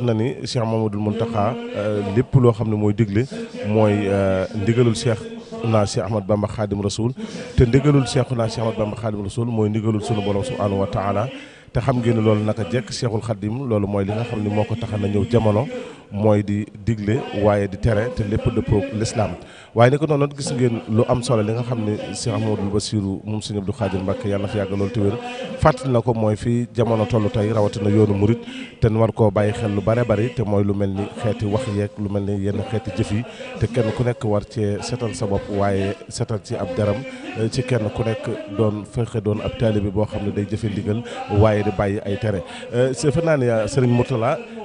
na ni Cheikh Mamadou Mountakha euh, lépp loo xam ne mooy digle mooy euh, ndigalul Cheikh naa Cheikh Ahmad Bamba Khadim Rasoul te ndigalul Cheikh naa Cheikh Ahmad Bamba Khadim Rasoul mooy ndigalul sunu borom subhanahu wa taala te xam ngeen ne loolu naka jekk Cheikhul Khadim loolu mooy li nga xam ni moo ko tax na ñëw jamono mooy di digle waaye di tere te lépp dëppoo l'islam waaye ni ko noonu gis ngeen lu am solo li nga xam ne Cheikh Amadou Bassirou moom Serigne Abdou Khadir Mbacke yàlla na fi yàgg loolu te wér fàttali na ko mooy fii jamono toll tey rawatina yoonu murit te war koo bàyyi xel lu bare bari te mooy lu mel ni xeeti wax yeeg lu mel ni yenn xeeti jëf yi te kenn ku nekk war cee setal sa bopp waaye setal ci ab daram eh, ci kenn ku nekk doon fexe doon ab taalibe boo xam ne day jëfe ndigal waaye di bàyyi ay tere eh, sëfe naa ne Serigne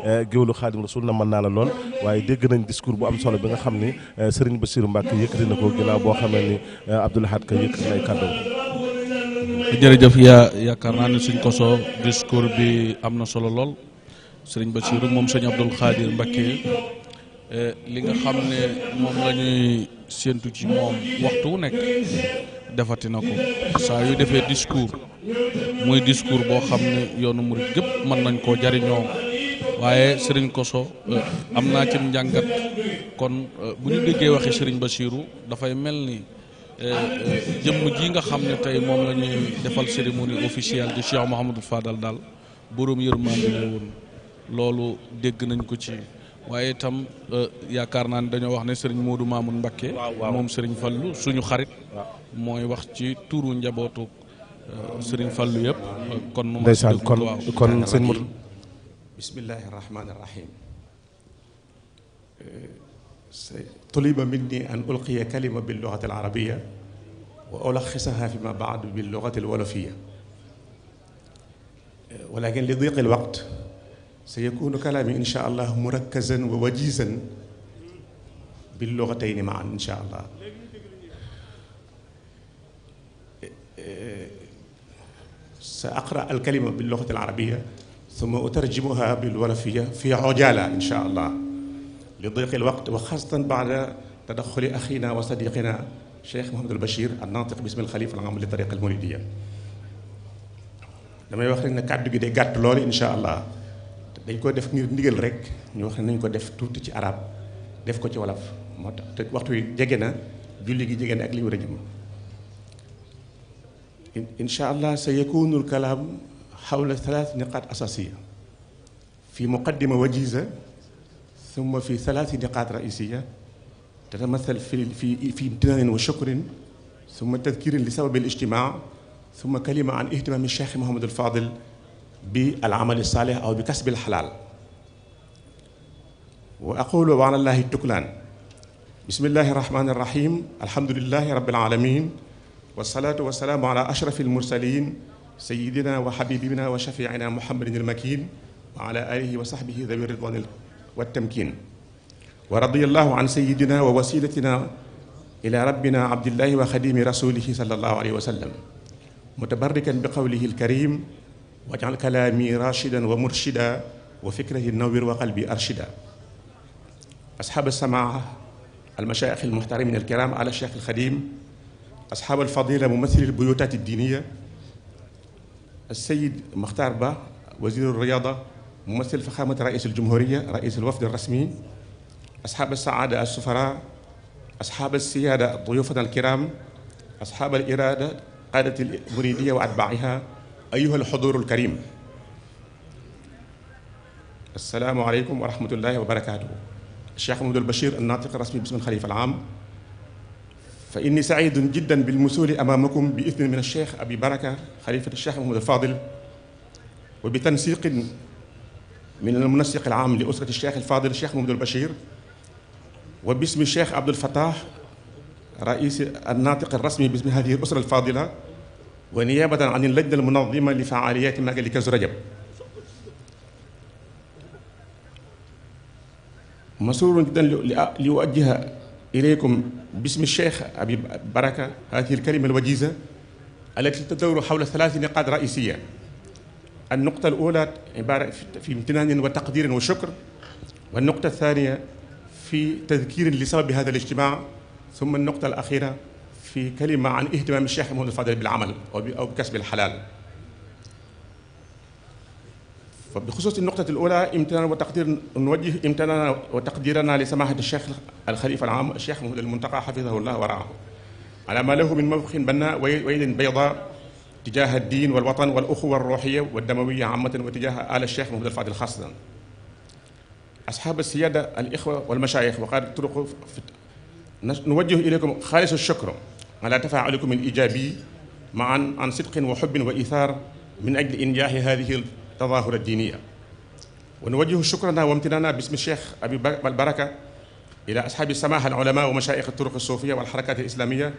Eh, géwlu xaadim rasul na mën naa la lool waaye dégg nañ discours bu am solo bi nga xam ni eh, Serigne Bassirou Mbacke yëkkati na ko ginnaaw boo xamee ni eh, Abdou Lahad Ka yëkkati na ay kàddoom jërëjëf yaakaar naa ne suñ koso discours bi am na solo lool Serigne Bassirou moom sëñ Abdou Khadir Mbacke li nga xam ne moom wu nekk defati na ko saa yu defee discours muy discours boo xam ne yoonu murit gépp mën nañ koo jariñoo waaye sëriñ Koso eh, am naa ci njàngat kon eh, bu ñu déggee waxi sëriñ Basiiru dafay mel ni eh, jëmm ji nga xam ne tey moom la ñuy defal cérémonie officielle de Cheikh Mouhamadou Fadal daal boroom yërmande la woon loolu dégg nañ ko ci waaye itam yaakaar naa ni dañoo wax ne sëriñ Modou Mamoun Mbakke moom sëriñ Fallu suñu xarit mooy wax ci turu njabootu sëriñ Fallu yëpp kon ndeysaan kon kon sëriñ Modou bismillahi irrahmani irrahim eh, tuliba minni an ulqiya kalima billugati alarabia wa olaxisaha fi ma baad billugati alwolofia eh, walakin li diqi alwaqt sayakunu kalaami insha allah murakkasan wa wajisan billugatayni maan insha allah eh, sa aqra alkalima billugati alarabia summa utarjimuha bil wolofiya fi ojaala insha allah li diqi l waqt wa xasatan baada tadaxuli axina wa sadiqina cheikh Mouhamadul Bachir an naatiq bismil xalifa al aam li tariqa al muridiya damay wax rek ne kàddu gi day gàtt loolu insha allah dañ ko def ngir ndigal rek ñu wax ne nañ ko def tuuti ci araab def ko ci wolof moo tax te waxtu wi jege na julli gi jege na ak li war a jëm allah sa yakunul kalaam حول ثلاث نقاط أساسية في مقدمة وجيزة ثم في ثلاث نقاط رئيسية تتمثل في في في امتنان وشكر ثم تذكير لسبب الاجتماع ثم كلمة عن اهتمام الشيخ محمد الفاضل بالعمل الصالح أو بكسب الحلال وأقول وعلى الله التكلان بسم الله الرحمن الرحيم الحمد لله رب العالمين والصلاة والسلام على أشرف المرسلين sayidina wa xabibina wa shafiina muhammadin almakin wa ala alihi wa saxbihi dawi ridwan wa tamkin wa radiyallahu an sayidina wa wasilatina ila rabbina abdillahi wa xadimi rasulihi sallallahu alayhi wa sallam mutabarrikan bi qawlihi alkarim wajal kalaami rashidan wa murshida wa fikrati nawir wa qalbi arshida asxaab alsamaa almashaayix almuhtarimin alkiram ala cheikh alxadim asxaab alfadila mumathili albuyutaat addiiniya السيد مختار با وزير الرياضة ممثل فخامة رئيس الجمهورية رئيس الوفد الرسمي أصحاب السعادة السفراء أصحاب السيادة ضيوفنا الكرام أصحاب الإرادة قادة المريدية وأتباعها أيها الحضور الكريم السلام عليكم ورحمة الله وبركاته الشيخ محمود البشير الناطق الرسمي باسم الخليفة العام fa inni saidun jiddan bil musuli amamakum bi idnin min alcheikh abi baraka xalifati cheikh mahmoud alfadil wa bi tansiqin min almunasiq alaam li usrati cheikh alfadil cheikh mahmoud albachir wa bismi cheikh abdulfatah رئيس الناطق الرسمي باسم هذه الأسرة الفاضلة ونيابة عن اللجنة المنظمة لفعاليات معجل كنز رجب مسرور جدا لأوجه إليكم باسم الشيخ أبي بركة هذه الكلمة الوجيزة التي تدور حول ثلاث نقاط رئيسية النقطة الأولى عبارة في امتنان وتقدير وشكر والنقطة الثانية في تذكير لسبب هذا الاجتماع ثم النقطة الأخيرة في كلمة عن اهتمام الشيخ محمود الفاضل بالعمل أو بكسب الحلال فبخصوص النقطة الأولى امتنان وتقدير نوجه امتناننا وتقديرنا لسماحة الشيخ الخليفة العام الشيخ مهدي المنتقى حفظه الله ورعاه على ما له من موقف بناء ويل بيضاء تجاه الدين والوطن والأخوة الروحية والدموية عامة وتجاه آل الشيخ مهدي الفاضل خاصة أصحاب السيادة الإخوة والمشايخ وقادة الطرق نوجه إليكم خالص الشكر على تفاعلكم الإيجابي معا عن صدق وحب وإيثار من أجل إنجاح هذه التظاهر الدينية ونوجه شكرنا وامتنانا باسم الشيخ أبي البركة إلى أصحاب السماحة العلماء ومشايخ الطرق الصوفية والحركات الإسلامية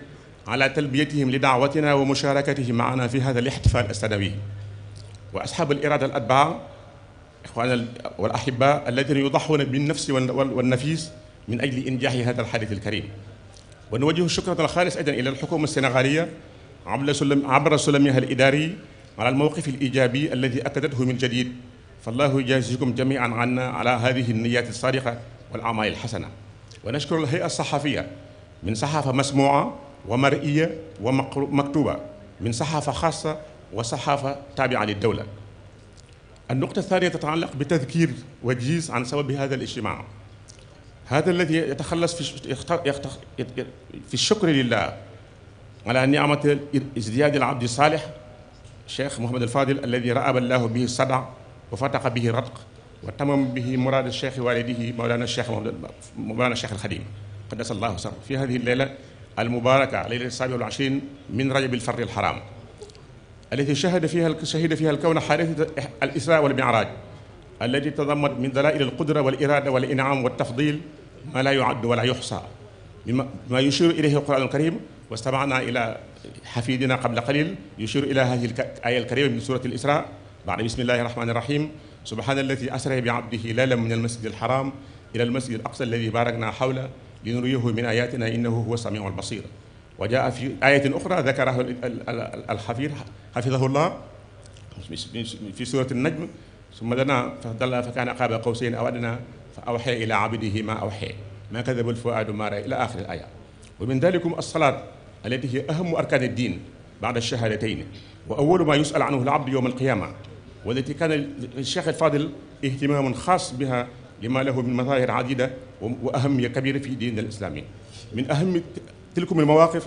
على تلبيتهم لدعوتنا ومشاركتهم معنا في هذا الاحتفال السنوي وأصحاب الإرادة الأتباع إخواننا والأحباء الذين يضحون بالنفس والنفيس من أجل إنجاح هذا الحدث الكريم ونوجه الشكر الخالص أيضا إلى الحكومة السنغالية عبر سلمها الإداري mala almawqif alijabi alladi akadathu min jadid fallahu yujazikukum jamian anna ala hadihi alniyat alsadiqa wal amal alxasana wa nashkuru alhay'a alsaxafiya min saxaafa masmua wa mariya wa maktuba min saxaafa xaasa wa saxaafa taabia lildawla النقطة الثانية تتعلق بتذكير وجيز عن سبب هذا الاجتماع هذا الذي يتخلص في في الشكر لله على نعمة ازدياد العبد الصالح cheikh Mouhamad al Fadil alladi raaba allahu bihi sada wa fataxa bihi ratq wa tamam bihi muraad cheikh walidihi mawlana cheikh mawlana cheikh al xadim qaddasa allahu sar fi hadihi layla المباركة ليلة السابع والعشرين من رجب الفر الحرام التي شهد فيها شهد فيها الكون حادثة الإسراء والمعراج التي تضمنت من دلائل القدرة والإرادة والإنعام والتفضيل ما لا يعد ولا يحصى مما يشير إليه القرآن الكريم واستمعنا إلى حفيدنا قبل قليل يشير إلى هذه الآية الكريمة من سورة الإسراء بعد بسم الله الرحمن الرحيم سبحان الذي أسرى بعبده ليلا من المسجد الحرام إلى المسجد الأقصى الذي باركنا حوله لنريه من آياتنا إنه هو السميع البصير وجاء في آية أخرى ذكره الحفير حفظه الله في سورة النجم ثم دنا فضل فكان قاب قوسين أو أدنى فأوحى إلى عبده ما أوحى ما كذب الفؤاد ما رأى إلى آخر الآية ومن ذلكم الصلاة التي هي أهم أركان الدين بعد الشهادتين وأول ما يسأل عنه العبد يوم القيامة والتي كان الشيخ الفاضل اهتمام خاص بها لما له من مظاهر عديدة وأهمية كبيرة في ديننا الإسلامي من أهم تلكم المواقف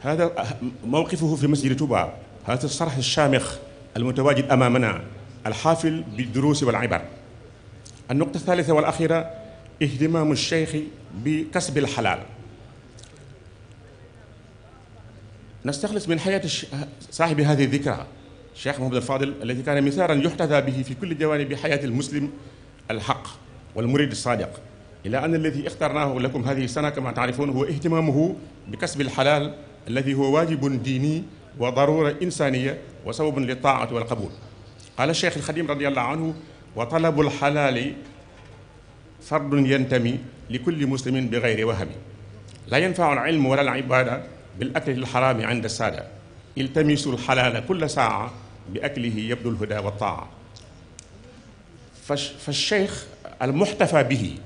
هذا موقفه في مسجد توبة هذا الصرح الشامخ المتواجد أمامنا الحافل بالدروس والعبر النقطة الثالثة والأخيرة اهتمام الشيخ بكسب الحلال نستخلص من حياة صاحب هذه الذكرى الشيخ محمد الفاضل الذي كان مثالا يحتذى به في كل جوانب حياة المسلم الحق والمريد الصادق إلى أن الذي اخترناه لكم هذه السنة كما تعرفون هو اهتمامه بكسب الحلال الذي هو واجب ديني وضرورة إنسانية وسبب للطاعة والقبول قال الشيخ الخديم رضي الله عنه وطلب الحلال فرض ينتمي لكل مسلم بغير وهم لا ينفع العلم ولا العبادة bil akli lxaraami inda saada iltamisul xalaala kulla saa bi aklihi yabdul huda wa taa fa fa cheikh al muxtafa bihi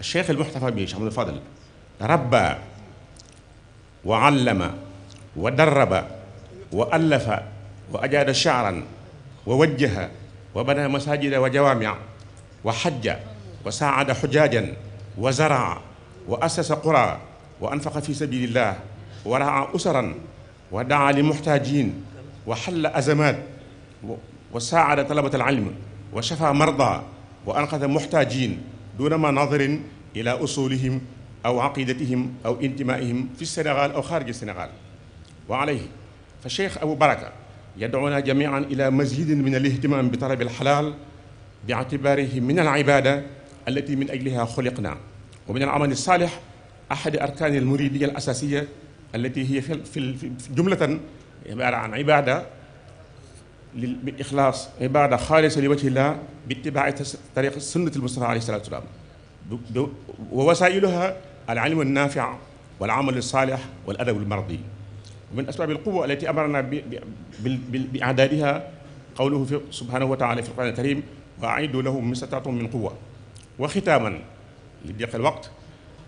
cheikh al muxtafa bihi cheikh Ahmadul Fadal rabba wa allama wa darraba wa allafa wa ajaada shaaran wa wajjaha wa bana masajida wa jawaamia wa xajja wa saacada xujaajan wa zaraa wa asasa qura wa anfaqa fi sabilillah wa raa usaran wa daa li muxtaajin wa xalla azamaat wa saada talabat alilm wa shafa marda wa anqada muxtaajin duna ma nadirin ila usulihim aw aqidatihim aw intimaihim fi sénégal aw xaariji sénégal wa alayhi fa cheikh abou baraka yad'una jamian ila mazidin min alihtimam bi talabi alxalaal bi'tibarihi min alibada allati min ajliha xuliqna wa min alamal alsaalih ahadi arkani almuridiya alasasiya allati hiya fi jumlatan ibaada an ibaada bi ixlaas ibaada xaalisa li wajhillah bi ittibaai tariq sunnati almustafa alayhi salatu wasalaam wa wasailuha al ilmu annaafi wal amalu saalih wal adabu almardi ومن أسباب القوة التي أمرنا بإعدادها قوله في سبحانه وتعالى في القرآن الكريم وأعيدوا لهم ما استطعتم من قوة وختاما لضيق الوقت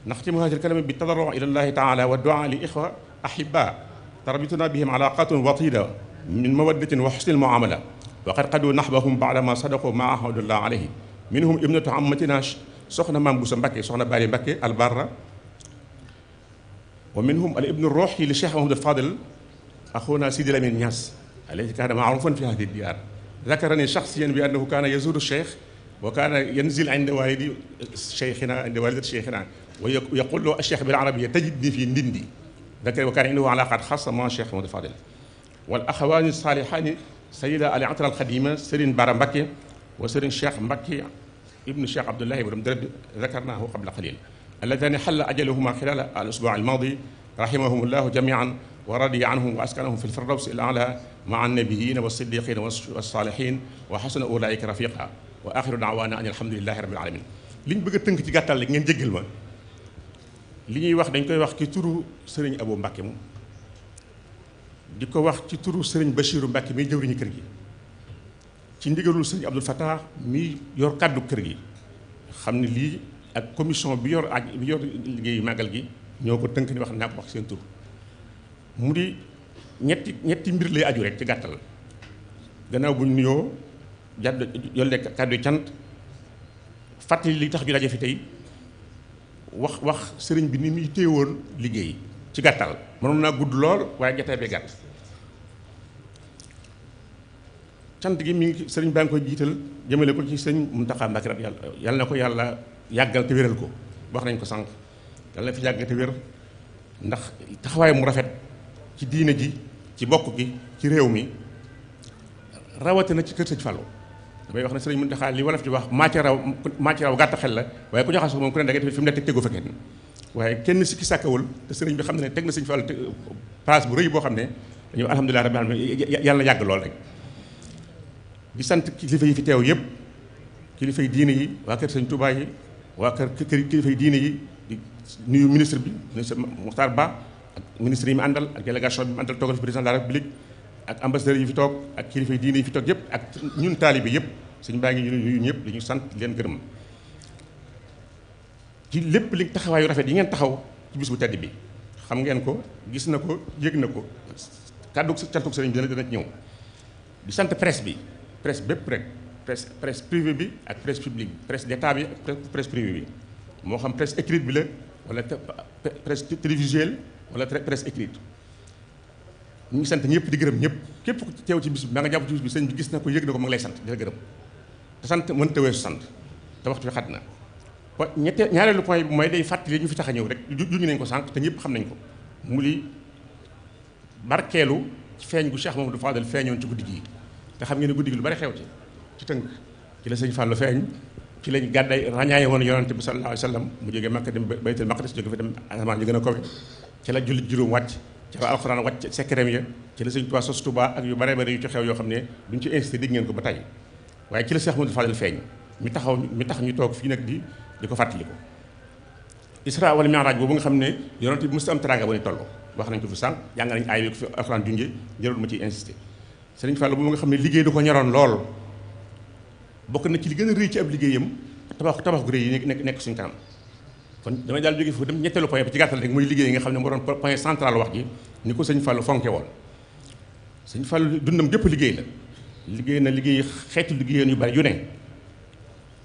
ndax ci muhaajir kalima bi tadarru ila llahi taala wa duaa li ixwa ahibba tarbituna bihim alaqatun watida min mawaddatin wa xusnil muamala wa qad qadu nahbahum baadama sadaqu ma ahadullah alayhi minhum ibnatu ammatina soxna maam Busa Mbakke soxna Bari Mbakke albarra wa minhum al ibnu ruuxi li cheikh Mahamadou Fadel axuna Sidi Lamine Niass alayhi kaana maarufan fi hadi diyaar zakarani shaxsiyan bi annahu kaana yazuru cheikh wa kaana yanzil inda walidi cheikhina inda walidati cheikhina wa yaqul loo cheikh bil arabiyya tajidni fii ndindi dakar wa kaane indi wa alaqat xasa man cheikh Modou Fadel wal axawaani saalihani sayida ali atral xadima Serigne Bara Mbacké wa Serigne Cheikh Mbacké ibnu Cheikh Abdoulahi borom dërëb dakarnaahu qabla qalil alladani xalla ajaluhuma xilal al usbuu al maadi rahimahum llahu jamian wa radiya anhum wa askanahum fi lfirdawsi al ala maa annabiyiina wa siddiqina wa saalihin wa xasuna ulaika rafiqa wa axiru daawaana an alhamdulilahi rabil alamin liñ bëgg a tënk ci gàttal ngeen jéggal ma li ñuy wax dañ koy wax ci turu sëriñ Abo Mbacke mu di ko wax ci turu sëriñ Bachirou Mbacke miy jëwriñu kër gi ci ndigalul sëriñ Abdou Fattah mi yor kàddu kër gi xam ne lii ak commission bi yor aj bi yor liggéeyu màggal gi ñoo ko tënk ni wax naa ko wax seen tur mu di ñetti ñetti mbir lay aju rek ci gàttal gannaaw bu nuyoo jàdd yolle kàddu cant fàtte li tax ñu daje fi tey wax wax sëriñ bi ni muy téewoon liggéey ci gàttal mënoon naa gudd lool waaye jotaay bi gàtt cant gi mi ngi sëriñ baa ngi koy jiital jëmale ko ci sëriñ Muntaxa Mbàkke yàlla yàlla na ko yàlla yàggal te wéral ko wax nañ ko sànq yàlla na fi yàggal te wér ndax taxawaay mu rafet ci diine ji ci bokk gi ci réew mi rawatina ci kër sëñ Fallou damay wax ne sëriñ Muntaxa li wolof di wax maa ca raw maa ca raw gàtt xel la waaye ku jaxasoo moom ku ne da ngay def fi mu ne teg tegu fa kenn waaye kenn sikki sàkkawul te sëriñ bi xam ne ne teg na sëriñ Fallu place bu rëy boo xam ne dañu alhamdulilah rabbil alamin yàlla na yàgg lool rek di sant kilifa yi fi teew yëpp kilifa yi diine yi waa kër sañ tubaay yi waa kër kilifa yi diine yi di nuyu ministre bi ministre Moxtaar Ba ak ministre yi mu àndal ak délégation bi mu àndal toogal fi président de la ak ambassadeurs yi fi toog ak kilifa yi diine yi fi toog yëpp ak ñun taalibe yëpp suñ baa ngi ñu ñëpp di ñu sant di leen gërëm ci lépp li taxawaayu rafet yi ngeen taxaw ci bis bu tedd bi xam ngeen ko gis na ko yëg na ko kàddu cantuk sëriñ bi dana dana ñëw di sant presse bi presse bépp rek presse presse privée bi ak presse publique presse d'état bi ak presse bi moo xam presse écrite bi la wala presse télévisuelle wala presse écrite ñu sant ñëpp di gërëm ñëpp képp ku teew ci bis bi maa nga jàpp ci bis bi sëñ bi gis na ko yëg na ko ma lay sant di la gërëm te sant mënta weesu sant te waxtu bi xat na wa ñette ñaareelu point bi mooy day fàttali ñu fi tax ñëw rek juñu nañ ko sànq te ñëpp xam nañ ko mu li barkeelu feeñ gu Cheikh Mamadou Fadal feeñoon ci guddi gi te xam ngeen ne guddi gi lu bari xew ci ci tënk ci la sëñ Fallou feeñ ci lañ gàdday ràññaaye woon yonante bi sallallahu alayhi mu jógee Makka dem Baytul Maqdis jóge gën a kawe ci la jullit juróom wàcc ca fa alxuraan wàcc sekkereem ya ci la sëñ Tuubaa sos Tuubaa ak yu bare bare yu ci xew yoo xam ne duñ ci insisté dégg ngeen ko ba tey waaye ci la Seex Ahmadul Fadal feeñ mi taxaw mi tax ñu toog fii nag di di ko fàttaliku isra wala mi'raaj boobu nga xam ne yonent bi mosut am teraanga bu ne toll wax nañ ko fi sànq jàng nañ ay ko fi alxuraan junje jërul ma ciy insisté Sëriñ Fallu boobu nga xam ne liggéey du ko ñoroon lool bokk na ci li gën a rëy ci ab liggéeyam tabax tabax gu rëy yi nekk nekk suñu kanam kon damay daal jóge foofu dem ñetteelu point bi ci gàttal rek muy liggéey nga xam ne moo doon point central wax ji ni ko sëñ Fallou fonke woon sëñ Fallou dundam gépp liggéey la liggéey na liggéey xeetu liggéeyoon yu bari yu ne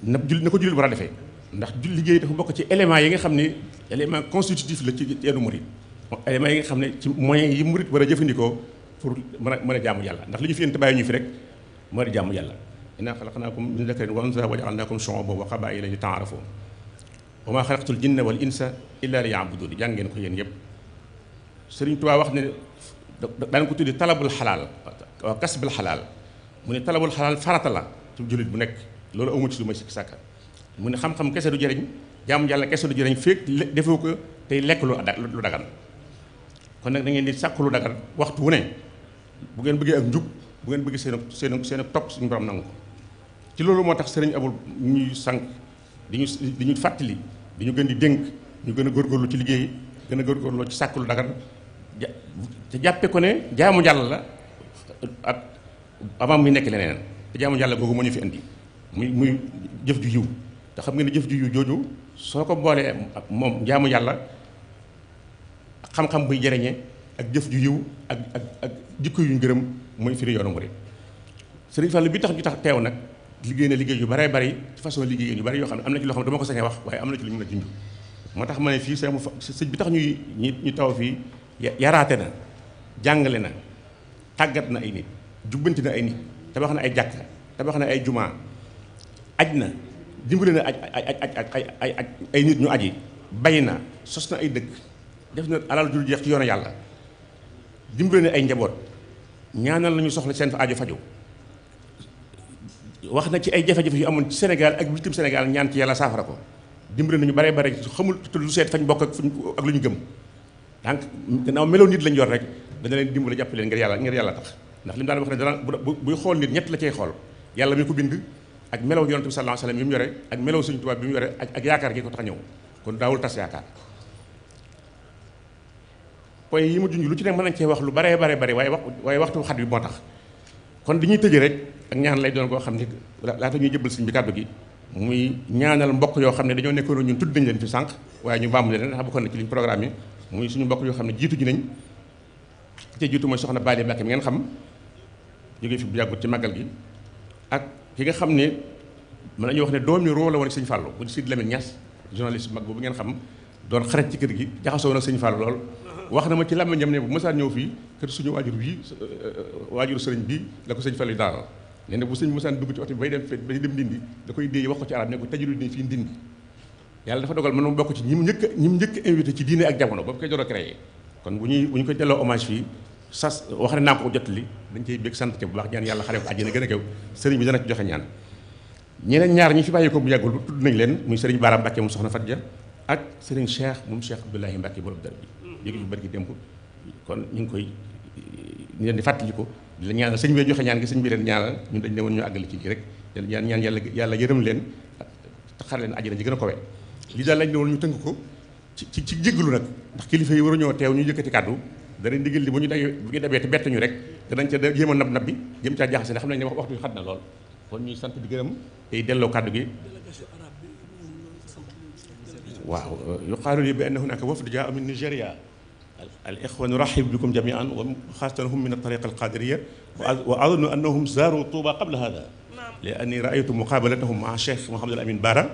na jul na ko jullit war a defee ndax jul liggéey dafa bokk ci éléments yi nga xam ne élément constitutif la ci teenu murit éléments yi nga xam ne ci moyens yi murit war a jëfandikoo pour mën a mën a jàmm yàlla ndax li ñu fi yéen te bàyyi ñu fi rek mën a jaamu yàlla innaa xalaqnaakum min dakarin wa unsaa wa ja'alnaakum shu'uuban wa qabaa'ila li wa maa xalaqtul jinna wal insa illa liya'budun jàngee ngeen ko yéen yëpp Sëriñ Tuubaa wax ne daan ko tuddi talabul xalaal waaw kasbul xalaal mu ne talabul xalaal faratala la ci jullit bu nekk loolu amu ci lu ma sikk sàkka mu ne xam-xam kese du jëriñ jaamu Yàlla kese du jëriñ fekk defoo ko tey lekk lu lu dagan kon nag da ngeen di sàkku lu dagan waxtu wu ne bu ngeen bëggee ak njub bu ngeen bëggee seen seen seen topp suñu borom nangu ko ci loolu moo tax sëriñ abul ñuy sànq di ñu di ñu fàttali di ñu gën di dénk ñu gën a góor góorgóorlu ci liggéey gën a góorgóorlu ci sàkk lu dagar te jàppe ko ne jaamu jàll la ak avant muy nekk leneen te jaamu yàlla googu moo fi indi muy muy jëf ju te xam nga ne jëf ju jooju soo ko boolee moom jaamu yàlla xam-xam buy jëriñe ak jëf ju yiw ak ak ak jikko yu ñu gërëm mooy firi yoonu murid Sëriñ Fallu bi tax ñu tax teew nag liggéey na liggéey yu bare bari façon liggéey yu bari yoo xam ne am na ci loo xam ne dama ko sañ a wax waaye am na ci lu ñu ma junj moo tax ma ne fii sëñ sëñ bi tax ñuy ñu taw fii yaraate na jàngale na tàggat na ay nit jubbanti na ay nit tabax na ay jàkk tabax na ay jumaa aj na dimbali na aj aj aj ay nit ñu aji bay na sos na ay dëkk def na alal jur jeex ci yoonu yàlla dimbali na ay njaboot ñaanal nañu soxla seen fa aajo faju wax na ci ay jafe-jafe yu amoon ci Sénégal ak bitim Sénégal ñaan ci yàlla saafara ko dimbali nañu bare bare xamul te lu seet fañ bokk ak fuñ ak lu ñu gëm donc gannaaw meloo nit lañ yor rek dana leen dimbali jàpp leen ngir yàlla ngir yàlla tax ndax li mu daan wax ne dana buy xool nit ñett la cay xool yàlla mi ko bind ak melaw yonent bi yi alayhi wasallam mu yore ak melow Sëriñ Tuubaa bi mu yore ak yaakaar gi ko tax ñëw kon daawul tas yaakaar point yi mu junj lu ci nekk mën nañ cee wax lu bare bare bare waaye wax waaye waxtu xat bi moo tax kon dañuy tëj rek ak ñaan lay doon koo xam ne laata ñuy jëbal sëñ bi kàddu gi muy ñaanal mbokk yoo xam ne dañoo nekkoon ñun tudd nañ leen fi sànq waaye ñu baamu leen ndax bokkoon na ci liñ yi suñu mbokk yoo xam ne jiitu ji te jiitu mooy soxna Bali mi ngeen xam jógee fi bu yàggut ci màggal gi ak ki nga xam ne mën nañu wax ne doom ñu roo la woon sëñ Fallou bu Sidi Lamine Niass journaliste mag boobu ngeen xam doon xarit ci kër gi jaxasoo nag sëñ fal lool wax na ma ci làmmiñam ne bu mësaan ñëw fii kër suñu waajur bii euh, euh, waajuru sëriñ bi la ko sëñ Fallou yi daalal nee na bu sëñ mosaan dugg ci oto bi bay dem fe bay dem ndindi da koy déey wax ko ci arab ne ko tajirul ni fii ndindi yàlla dafa dogal man mu bokk ci ñi mu njëkk ñi mu njëkk invité ci diine ak jamono ba mu koy door a bu ñuy bu ñu koy delloo hommage sas wax ne naa ko jottali dañ cey bég sant ca bu baax ñaan yàlla xare ko àjjana gën a kaw sëriñ bi dana joxe ñaan ñeneen ñaar ñi fi bàyyi ko bu yàggul tudd nañ leen muy sëriñ Baara Mbàkke moom soxna Fatja ak sëriñ Cheikh moom Cheikh Abdoulahi Mbàkke borom dara bi yéegi bu bari ki démb kon ñu ngi koy ñu leen di fàttali ko di la ñaanal bi joxe ñaan gi sëñ bi leen ñaanal ñun dañ ne woon ñu àggali ci lii rek yàlla ñaan ñaan yàlla yërëm leen taxar leen àjjana ji gën a kowe li daal lañ ne woon ñu tënk ko ci ci ci jéggalu nag ndax kilifa yi waruñoo teew ñu yëkkati kàddu danañ ndigal li bu ñu dagee bu ñu dabee te bett ñu rek danañ ca jéem a nab nab bi jéem caa jaaxase xam nañ ne wax waxtu xat na lool kon ñuy sant di gërëm tey delloo kàddu gi waaw yuqaalu li bi anna hunaka wafdu jaa min Nigéria al ixwanu raxibu bikum jamian wa xaasatan hum min atariqa alqadiriya wa adunnu annahum zaaru tuuba qabla hada li anni raaytu muqaabalatahum maa cheikh Mouhamadul Amin Baara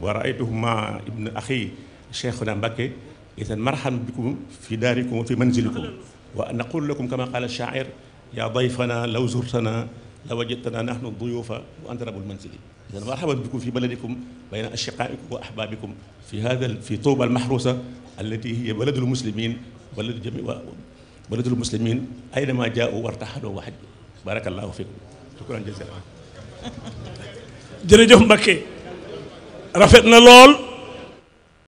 wa raaytuhum maa ibn axi cheikhuna Mbakke idan marhaban bikum fi daarikum wa fi manzilikum wa naqulu lakum kama qaala shaair yaa dayfana law zurtana la wajadtana nahnu duyuufa wa anta rabbul manzili idan marhaban bikum fi baladikum bayna ashiqaa'ikum wa ahbaabikum fi haada fi tuuba almahruusa allati hiya baladul muslimiin wala du jami wa baladul muslimin aynama jaa'u wartaxadoo waxaj barakallahu fikum shukran jazilan jërëjëf Mbakke rafet na lool